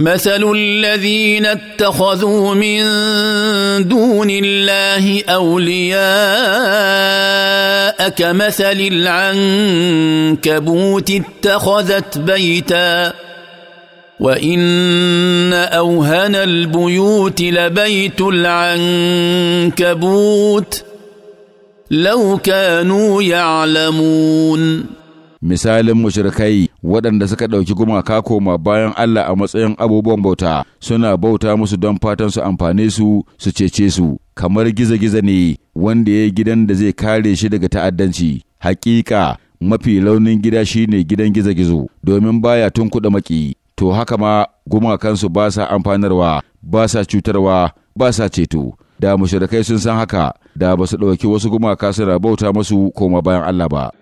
مثل الذين اتخذوا من دون الله اولياء كمثل العنكبوت اتخذت بيتا وان اوهن البيوت لبيت العنكبوت لو كانوا يعلمون misalin mushrikai waɗanda suka ɗauki gumaka koma bayan Allah a matsayin abubuwan bauta suna bauta musu don fatan su amfane su su cece su kamar giza-giza ne wanda ya gidan da zai kare shi daga ta'addanci hakika mafi launin gida shine gidan giza domin baya tun kuɗa maki to haka ma gumakansu ba sa amfanarwa ba sa cutarwa ba sa ceto da mushrikai sun san haka da ba su ɗauki wasu gumaka suna bauta musu koma bayan Allah ba